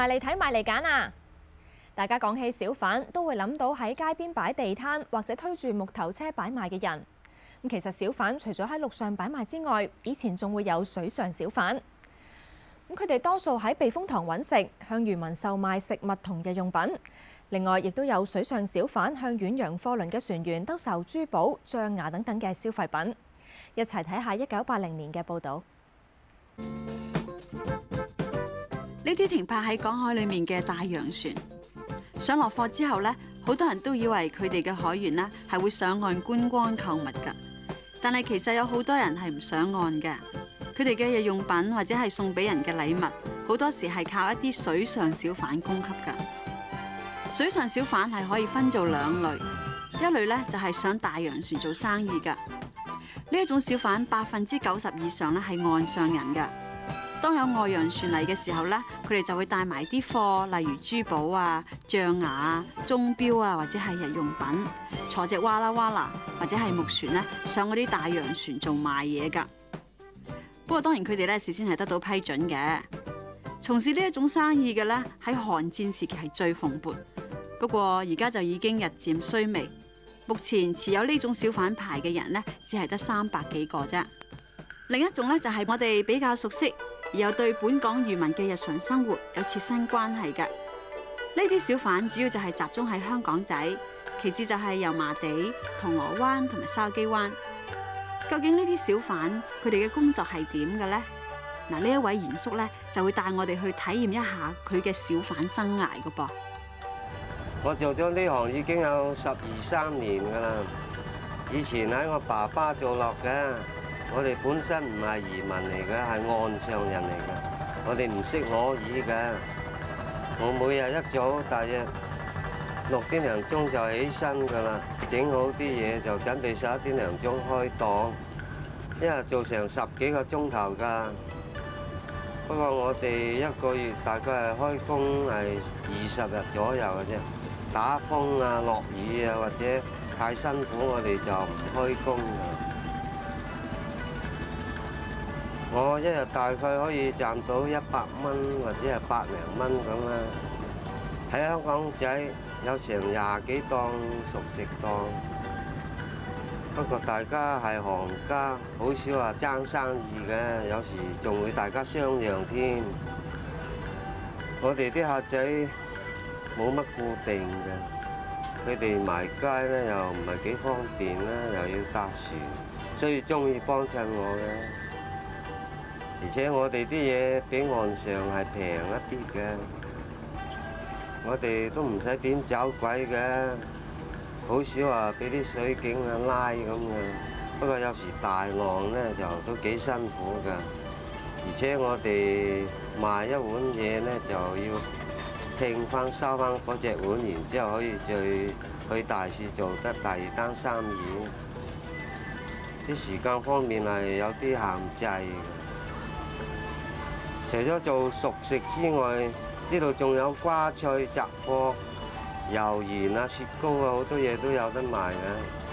埋嚟睇，埋嚟揀啊！大家講起小販，都會諗到喺街邊擺地攤或者推住木頭車擺賣嘅人。咁其實小販除咗喺陸上擺賣之外，以前仲會有水上小販。咁佢哋多數喺避風塘揾食，向漁民售賣食物同日用品。另外，亦都有水上小販向遠洋貨輪嘅船員兜售珠寶、象牙等等嘅消費品。一齊睇下一九八零年嘅報導。呢啲停泊喺港海裏面嘅大洋船，上落貨之後咧，好多人都以為佢哋嘅海員咧係會上岸觀光購物噶但係其實有好多人係唔上岸嘅，佢哋嘅日用品或者係送俾人嘅禮物，好多時係靠一啲水上小販供給噶。水上小販係可以分做兩類，一類咧就係上大洋船做生意噶，呢一種小販百分之九十以上咧係岸上人噶當有外洋船嚟嘅時候咧，佢哋就會帶埋啲貨，例如珠寶啊、象牙啊、鐘錶啊，或者係日用品，坐隻哇啦哇啦或者係木船咧，上嗰啲大洋船做賣嘢噶。不過當然佢哋咧事先係得到批准嘅，從事呢一種生意嘅咧喺韓戰時期係最蓬勃，不過而家就已經日漸衰微。目前持有呢種小販牌嘅人咧，只係得三百幾個啫。另一種咧就係我哋比較熟悉，而又對本港漁民嘅日常生活有切身關係嘅。呢啲小販主要就係集中喺香港仔，其次就係油麻地、銅鑼灣同埋筲箕灣。究竟呢啲小販佢哋嘅工作係點嘅呢？嗱，呢一位賢叔咧就會帶我哋去體驗一下佢嘅小販生涯噶噃。我做咗呢行已經有十二三年噶啦，以前喺我爸爸做落嘅。我哋本身唔係移民嚟嘅，係岸上人嚟嘅。我哋唔識攞魚嘅，我每日一早大約六點零鐘就起身㗎啦，整好啲嘢就準備十一點零鐘開檔，一日做成十幾個鐘頭㗎。不過我哋一個月大概係開工係二十日左右嘅啫，打風啊、落雨啊或者太辛苦，我哋就唔開工。我一日大概可以賺到一百蚊或者係百零蚊咁啦。喺香港仔有成廿幾檔熟食檔，不過大家係行家，好少話爭生意嘅，有時仲會大家商量添。我哋啲客仔冇乜固定嘅，佢哋埋街咧又唔係幾方便啦，又要搭船，最中意幫襯我嘅。而且我哋啲嘢比岸上係平一啲嘅，我哋都唔使、啊、點走鬼嘅，好少話俾啲水警啊拉咁嘅。不過有時大浪咧就都幾辛苦㗎，而且我哋賣一碗嘢咧就要聽翻收翻嗰隻碗，然之後可以再去大處做得第二單生意。啲時間方面係有啲限制。除咗做熟食之外，呢度仲有瓜菜雜貨、油鹽啊、雪糕啊，好多嘢都有得賣嘅。